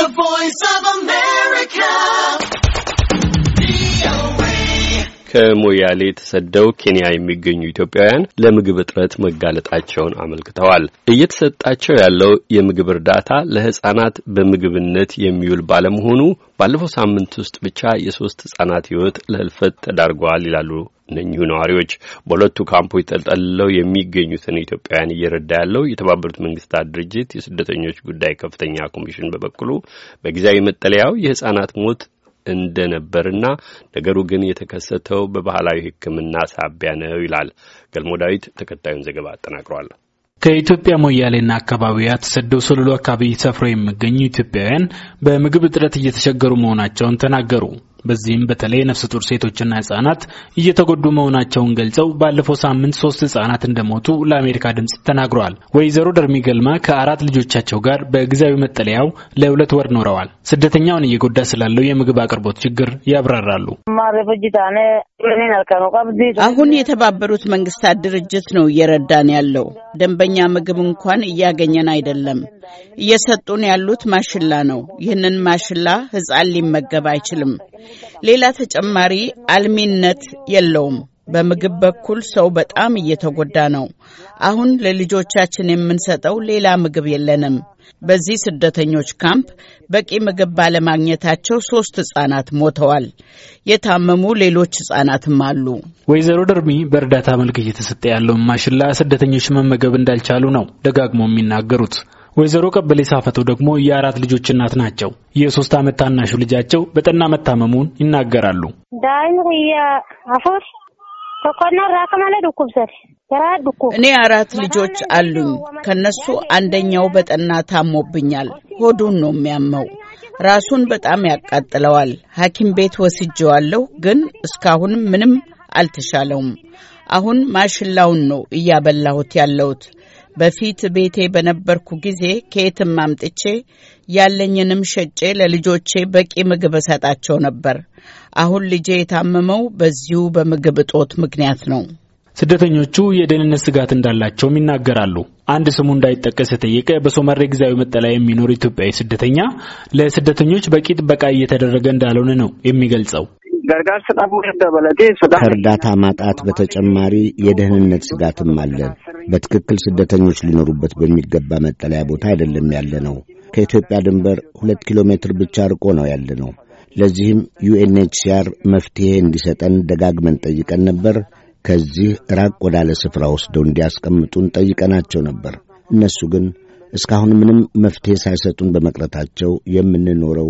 The Voice of America. ከሞያሌ ተሰደው ኬንያ የሚገኙ ኢትዮጵያውያን ለምግብ እጥረት መጋለጣቸውን አመልክተዋል። እየተሰጣቸው ያለው የምግብ እርዳታ ለሕፃናት በምግብነት የሚውል ባለመሆኑ ባለፈው ሳምንት ውስጥ ብቻ የሶስት ሕፃናት ሕይወት ለህልፈት ተዳርገዋል ይላሉ እነኚሁ ነዋሪዎች በሁለቱ ካምፖች ተጠልለው የሚገኙትን ኢትዮጵያውያን እየረዳ ያለው የተባበሩት መንግስታት ድርጅት የስደተኞች ጉዳይ ከፍተኛ ኮሚሽን በበኩሉ በጊዜያዊ መጠለያው የህጻናት ሞት እንደነበርና ነገሩ ግን የተከሰተው በባህላዊ ሕክምና ሳቢያ ነው ይላል። ገልሞ ዳዊት ተከታዩን ዘገባ አጠናቅሯል። ከኢትዮጵያ ሞያሌና አካባቢ ተሰደው ሰሉሉ አካባቢ ሰፍረው የሚገኙ ኢትዮጵያውያን በምግብ እጥረት እየተቸገሩ መሆናቸውን ተናገሩ። በዚህም በተለይ ነፍሰ ጡር ሴቶችና ህጻናት እየተጎዱ መሆናቸውን ገልጸው ባለፈው ሳምንት ሶስት ህጻናት እንደሞቱ ለአሜሪካ ድምፅ ተናግረዋል። ወይዘሮ ደርሚ ገልማ ከአራት ልጆቻቸው ጋር በጊዜያዊ መጠለያው ለሁለት ወር ኖረዋል። ስደተኛውን እየጎዳ ስላለው የምግብ አቅርቦት ችግር ያብራራሉ። አሁን የተባበሩት መንግስታት ድርጅት ነው እየረዳን ያለው። ደንበኛ ምግብ እንኳን እያገኘን አይደለም። እየሰጡን ያሉት ማሽላ ነው። ይህንን ማሽላ ሕፃን ሊመገብ አይችልም። ሌላ ተጨማሪ አልሚነት የለውም። በምግብ በኩል ሰው በጣም እየተጎዳ ነው። አሁን ለልጆቻችን የምንሰጠው ሌላ ምግብ የለንም። በዚህ ስደተኞች ካምፕ በቂ ምግብ ባለማግኘታቸው ሶስት ህጻናት ሞተዋል። የታመሙ ሌሎች ህጻናትም አሉ። ወይዘሮ ደርሚ በእርዳታ መልክ እየተሰጠ ያለውን ማሽላ ስደተኞች መመገብ እንዳልቻሉ ነው ደጋግሞ የሚናገሩት። ወይዘሮ ቀበሌ ሳፈቶ ደግሞ የአራት ልጆች እናት ናቸው። የሶስት ዓመት ታናሹ ልጃቸው በጠና መታመሙን ይናገራሉ። እኔ አራት ልጆች አሉኝ። ከነሱ አንደኛው በጠና ታሞብኛል። ሆዱን ነው የሚያመው። ራሱን በጣም ያቃጥለዋል። ሐኪም ቤት ወስጄዋለሁ፣ ግን እስካሁን ምንም አልተሻለውም። አሁን ማሽላውን ነው እያበላሁት ያለሁት። በፊት ቤቴ በነበርኩ ጊዜ ከየትም አምጥቼ ያለኝንም ሸጬ ለልጆቼ በቂ ምግብ እሰጣቸው ነበር። አሁን ልጄ የታመመው በዚሁ በምግብ እጦት ምክንያት ነው። ስደተኞቹ የደህንነት ስጋት እንዳላቸውም ይናገራሉ። አንድ ስሙ እንዳይጠቀስ የጠየቀ በሶማሌ ጊዜያዊ መጠለያ የሚኖር ኢትዮጵያዊ ስደተኛ ለስደተኞች በቂ ጥበቃ እየተደረገ እንዳልሆነ ነው የሚገልጸው። ከእርዳታ ማጣት በተጨማሪ የደህንነት ስጋትም አለን። በትክክል ስደተኞች ሊኖሩበት በሚገባ መጠለያ ቦታ አይደለም ያለ ነው። ከኢትዮጵያ ድንበር ሁለት ኪሎ ሜትር ብቻ ርቆ ነው ያለ ነው። ለዚህም ዩኤንኤችሲአር መፍትሔ እንዲሰጠን ደጋግመን ጠይቀን ነበር። ከዚህ ራቅ ወዳለ ስፍራ ወስደው እንዲያስቀምጡን ጠይቀናቸው ነበር። እነሱ ግን እስካሁን ምንም መፍትሄ ሳይሰጡን በመቅረታቸው የምንኖረው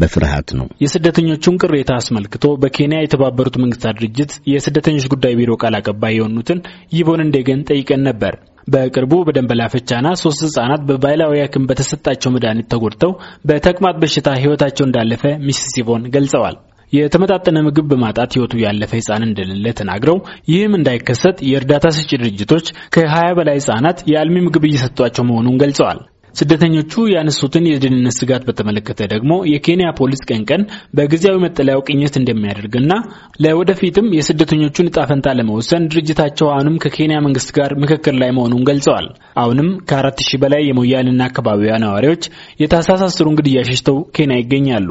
በፍርሃት ነው። የስደተኞቹን ቅሬታ አስመልክቶ በኬንያ የተባበሩት መንግስታት ድርጅት የስደተኞች ጉዳይ ቢሮ ቃል አቀባይ የሆኑትን ይቦን እንደገን ጠይቀን ነበር። በቅርቡ በደንበላ ላፈቻና ሶስት ህጻናት በባህላዊ ሐኪም በተሰጣቸው መድኃኒት ተጎድተው በተቅማጥ በሽታ ህይወታቸው እንዳለፈ ሚስስ ይቦን ገልጸዋል። የተመጣጠነ ምግብ በማጣት ህይወቱ ያለፈ ህፃን እንደሌለ ተናግረው ይህም እንዳይከሰት የእርዳታ ሰጪ ድርጅቶች ከ20 በላይ ህጻናት የአልሚ ምግብ እየሰጧቸው መሆኑን ገልጸዋል። ስደተኞቹ ያነሱትን የደህንነት ስጋት በተመለከተ ደግሞ የኬንያ ፖሊስ ቀን ቀን በጊዜያዊ መጠለያው ቅኝት እንደሚያደርግና ለወደፊትም የስደተኞቹን እጣ ፈንታ ለመወሰን ድርጅታቸው አሁንም ከኬንያ መንግስት ጋር ምክክር ላይ መሆኑን ገልጸዋል። አሁንም ከአራት ሺህ በላይ የሞያሌና አካባቢዋ ነዋሪዎች የታህሳስ አስሩን ግድያ ሸሽተው ኬንያ ይገኛሉ።